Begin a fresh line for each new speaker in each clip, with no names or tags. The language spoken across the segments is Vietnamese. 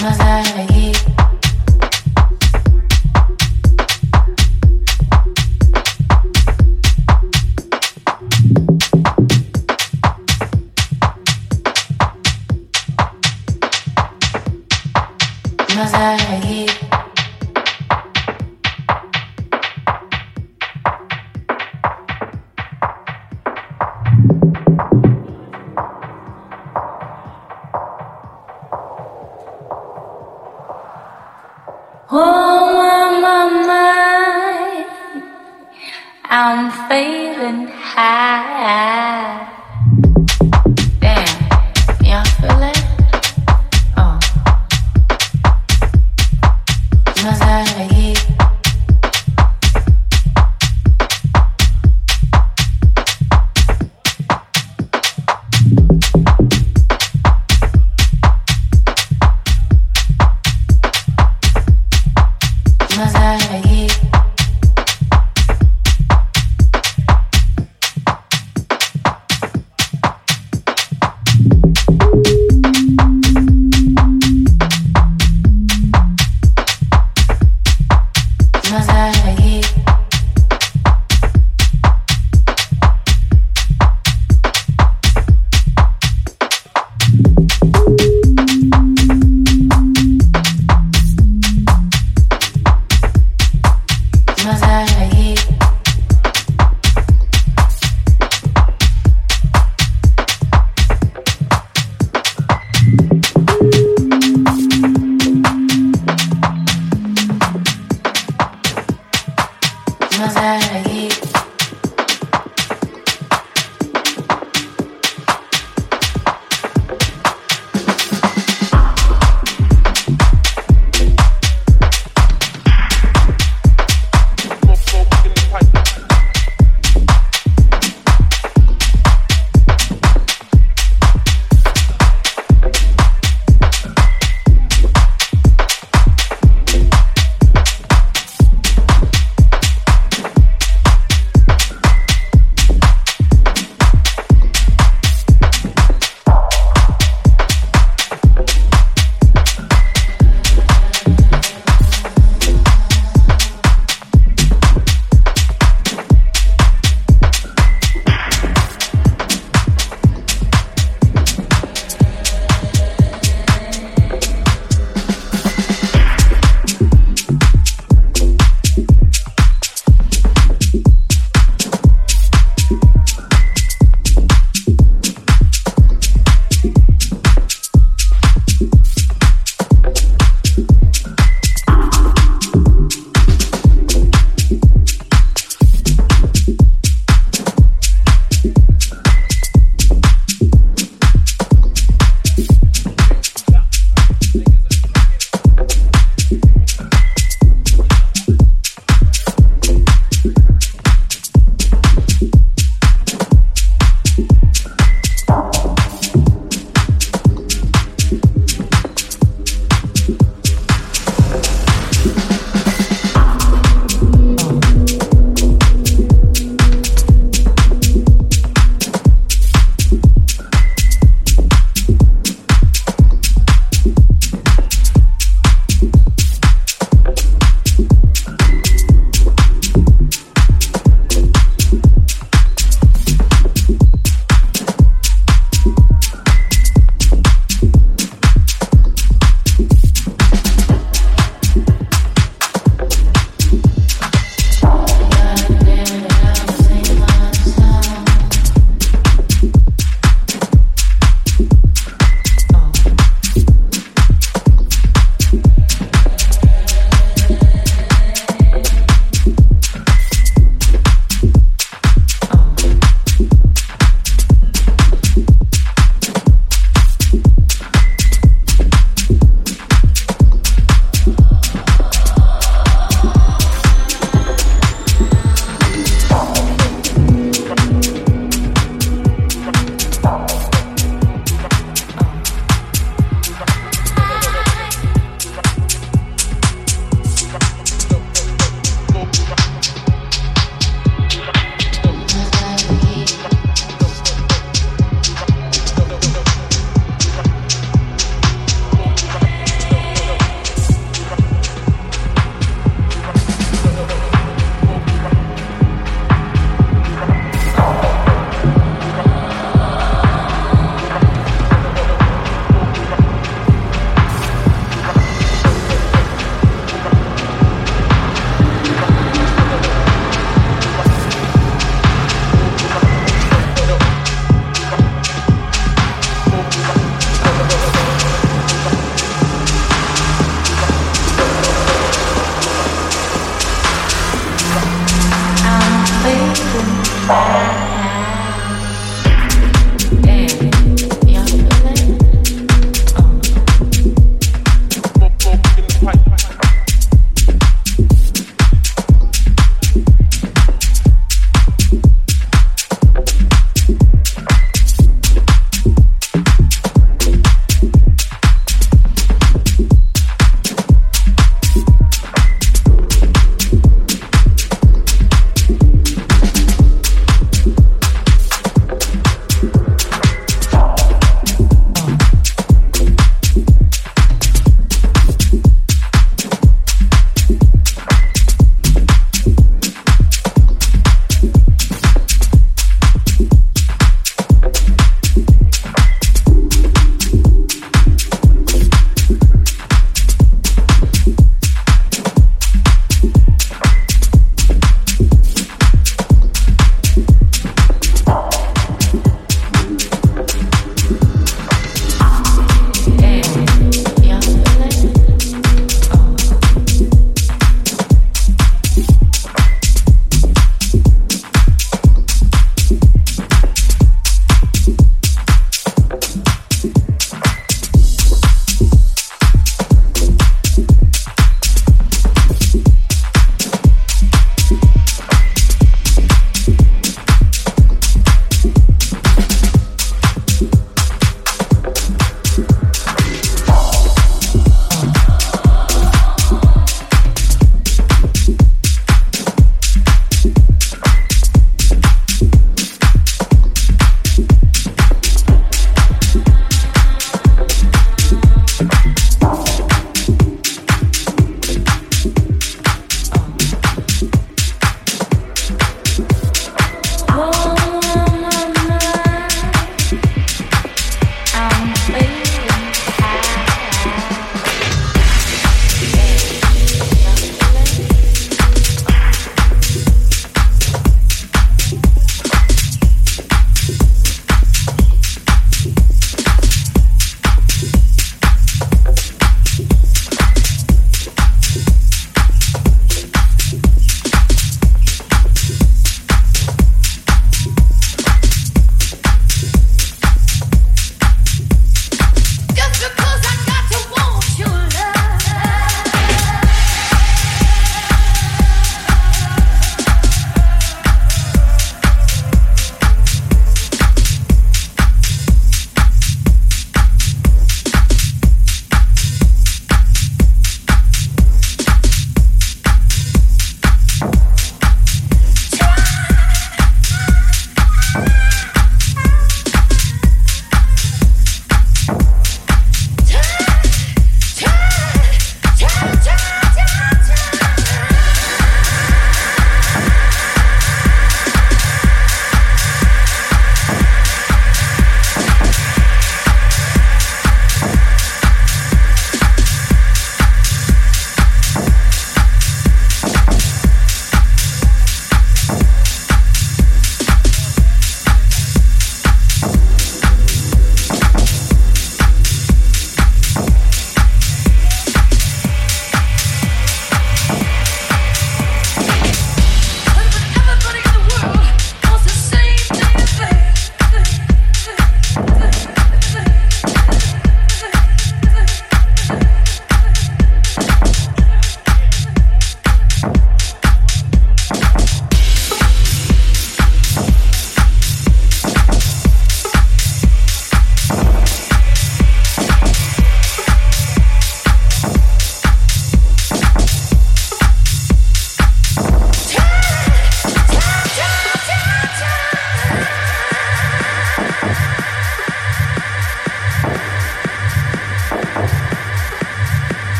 my life.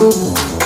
Boom.